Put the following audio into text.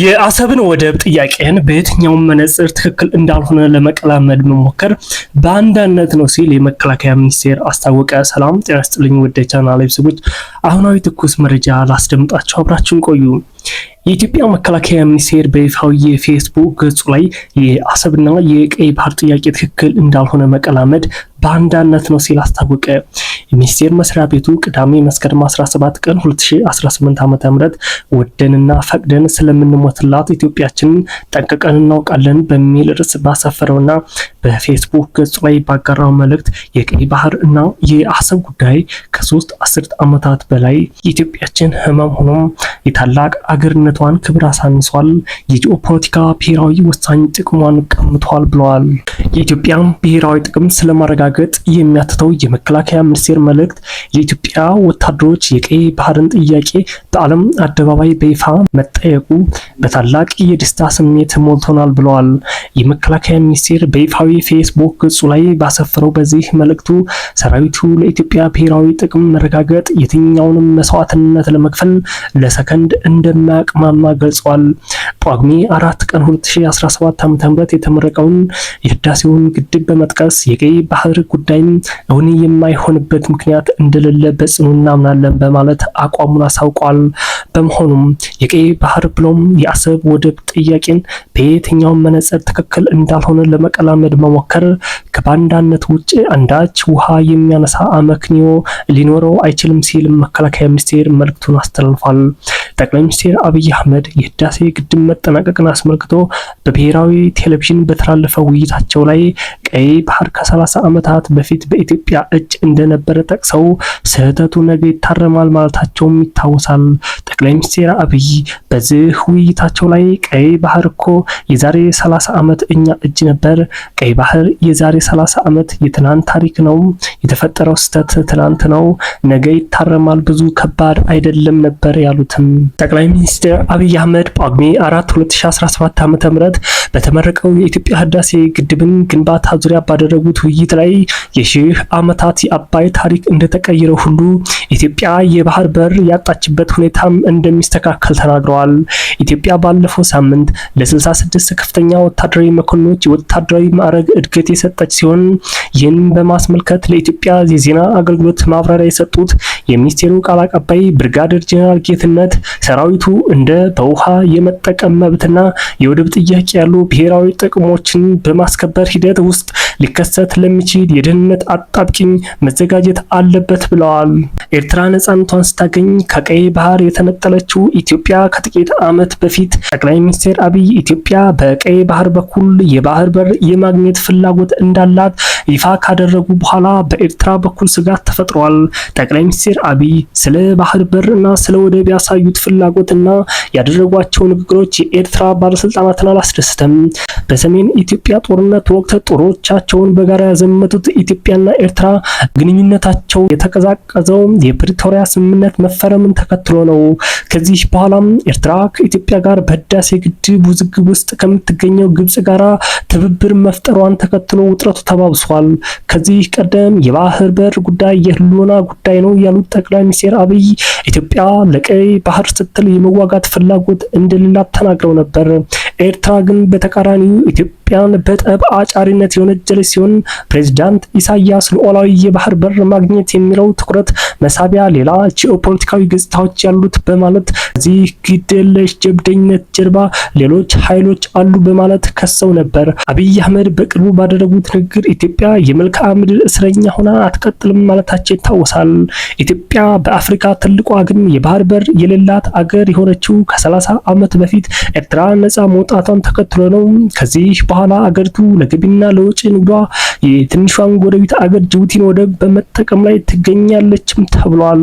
የአሰብን ወደብ ጥያቄን በየትኛውም መነጽር ትክክል እንዳልሆነ ለመቀላመድ መሞከር በአንዳነት ነው ሲል የመከላከያ ሚኒስቴር አስታወቀ። ሰላም ጤና ይስጥልኝ ውድ የቻናሌ ቤተሰቦች፣ አሁናዊ ትኩስ መረጃ ላስደምጣቸው፣ አብራችን ቆዩ። የኢትዮጵያ መከላከያ ሚኒስቴር በይፋዊ የፌስቡክ ገጹ ላይ የአሰብና የቀይ ባህር ጥያቄ ትክክል እንዳልሆነ መቀላመድ በአንዳነት ነው ሲል አስታወቀ። የሚኒስቴር መስሪያ ቤቱ ቅዳሜ መስከረም 17 ቀን 2018 ዓ.ም ወደንና ፈቅደን ስለምንሞትላት ኢትዮጵያችንን ጠንቅቀን እናውቃለን በሚል ርዕስ ባሰፈረውና በፌስቡክ ገጹ ላይ ባጋራው መልእክት የቀይ ባህር እና የአሰብ ጉዳይ ከሶስት አስርት ዓመታት በላይ የኢትዮጵያችን ህመም ሆኖም የታላቅ አገርነቷን ክብር አሳንሷል፣ የጂኦፖለቲካ ብሔራዊ ወሳኝ ጥቅሟን ቀምቷል ብለዋል። የኢትዮጵያን ብሔራዊ ጥቅም ስለማረጋ ማረጋገጥ የሚያትተው የመከላከያ ሚኒስቴር መልእክት የኢትዮጵያ ወታደሮች የቀይ ባህርን ጥያቄ በዓለም አደባባይ በይፋ መጠየቁ በታላቅ የደስታ ስሜት ሞልቶናል ብለዋል። የመከላከያ ሚኒስቴር በይፋዊ ፌስቡክ ገጹ ላይ ባሰፈረው በዚህ መልእክቱ ሰራዊቱ ለኢትዮጵያ ብሔራዊ ጥቅም መረጋገጥ የትኛውንም መስዋዕትነት ለመክፈል ለሰከንድ እንደማያቅማማ ገልጿል። ጳጉሜ አራት ቀን 2017 ዓ.ም የተመረቀውን የህዳሴውን ግድብ በመጥቀስ የቀይ ባህር የድርድር ጉዳይም እውን የማይሆንበት ምክንያት እንደሌለ በጽኑ እናምናለን በማለት አቋሙን አሳውቋል። በመሆኑም የቀይ ባህር ብሎም የአሰብ ወደብ ጥያቄን በየትኛውም መነጽር ትክክል እንዳልሆነ ለመቀላመድ መሞከር ከባንዳነት ውጭ አንዳች ውሃ የሚያነሳ አመክንዮ ሊኖረው አይችልም ሲል መከላከያ ሚኒስቴር መልእክቱን አስተላልፏል። ጠቅላይ ሚኒስትር አብይ አህመድ የህዳሴ ግድብ መጠናቀቅን አስመልክቶ በብሔራዊ ቴሌቪዥን በተላለፈ ውይይታቸው ላይ ቀይ ባህር ከሰላሳ ዓመታት በፊት በኢትዮጵያ እጅ እንደነበረ ጠቅሰው ስህተቱ ነገ ይታረማል ማለታቸውም ይታወሳል። ጠቅላይ ሚኒስትር አብይ በዚህ ውይይታቸው ላይ ቀይ ባህር እኮ የዛሬ 30 ዓመት እኛ እጅ ነበር። ቀይ ባህር የዛሬ 30 ዓመት የትናንት ታሪክ ነው። የተፈጠረው ስህተት ትናንት ነው፣ ነገ ይታረማል። ብዙ ከባድ አይደለም ነበር ያሉትም ጠቅላይ ሚኒስትር አብይ አህመድ ጳጉሜ 4 2017 ዓ.ም በተመረቀው የኢትዮጵያ ህዳሴ ግድብን ግንባታ ዙሪያ ባደረጉት ውይይት ላይ የሺህ ዓመታት የአባይ ታሪክ እንደተቀየረ ሁሉ ኢትዮጵያ የባህር በር ያጣችበት ሁኔታም እንደሚስተካከል ተናግረዋል። ኢትዮጵያ ባለፈው ሳምንት ለ66 ከፍተኛ ወታደራዊ መኮንኖች የወታደራዊ ማዕረግ እድገት የሰጠች ሲሆን ይህን በማስመልከት ለኢትዮጵያ የዜና አገልግሎት ማብራሪያ የሰጡት የሚኒስቴሩ ቃል አቀባይ ብርጋዴር ጄኔራል ጌትነት ሰራዊቱ እንደ በውሃ የመጠቀም መብትና የወደብ ጥያቄ ያሉ ብሔራዊ ጥቅሞችን በማስከበር ሂደት ውስጥ ሊከሰት ለሚችል የደህንነት አጣብቂኝ መዘጋጀት አለበት ብለዋል። ኤርትራ ነጻነቷን ስታገኝ ከቀይ ባህር የተነጠለችው ኢትዮጵያ ከጥቂት ዓመት በፊት ጠቅላይ ሚኒስትር አብይ ኢትዮጵያ በቀይ ባህር በኩል የባህር በር የማግኘት ፍላጎት እንዳላት ይፋ ካደረጉ በኋላ በኤርትራ በኩል ስጋት ተፈጥሯል። ጠቅላይ ሚኒስትር አብይ ስለ ባህር በር እና ስለ ወደብ ያሳዩት ፍላጎት እና ያደረጓቸው ንግግሮች የኤርትራ ባለስልጣናትን አላስደስተም። በሰሜን ኢትዮጵያ ጦርነት ወቅት ጦሮቻቸውን በጋራ ያዘመቱት ኢትዮጵያና ኤርትራ ግንኙነታቸው የተቀዛቀዘው የፕሪቶሪያ ስምምነት መፈረምን ተከትሎ ነው። ከዚህ በኋላም ኤርትራ ከኢትዮጵያ ጋር በህዳሴ ግድብ ውዝግብ ውስጥ ከምትገኘው ግብጽ ጋራ ትብብር መፍጠሯን ተከትሎ ውጥረቱ ተባብሷል። ተናግረዋል። ከዚህ ቀደም የባህር በር ጉዳይ የህልውና ጉዳይ ነው ያሉት ጠቅላይ ሚኒስትር አብይ ኢትዮጵያ ለቀይ ባህር ስትል የመዋጋት ፍላጎት እንደሌላት ተናግረው ነበር። ኤርትራ ግን በተቃራኒው ኢትዮጵያ ኢትዮጵያን በጠብ አጫሪነት የወነጀለ ሲሆን ፕሬዚዳንት ኢሳያስ ሉዓላዊ የባህር በር ማግኘት የሚለው ትኩረት መሳቢያ ሌላ ጂኦፖለቲካዊ ገጽታዎች ያሉት በማለት እዚህ ግደለሽ ጀብደኝነት ጀርባ ሌሎች ኃይሎች አሉ በማለት ከሰው ነበር። አብይ አህመድ በቅርቡ ባደረጉት ንግግር ኢትዮጵያ የመልክዓ ምድር እስረኛ ሆና አትቀጥልም ማለታቸው ይታወሳል። ኢትዮጵያ በአፍሪካ ትልቋ ግን የባህር በር የሌላት አገር የሆነችው ከ30 ዓመት በፊት ኤርትራ ነጻ መውጣቷን ተከትሎ ነው። ከዚህ በኋላ አገሪቱ ለገቢና ለውጭ ንግዷ የትንሿን ጎረቤት አገር ጅቡቲን ወደብ በመጠቀም ላይ ትገኛለችም ተብሏል።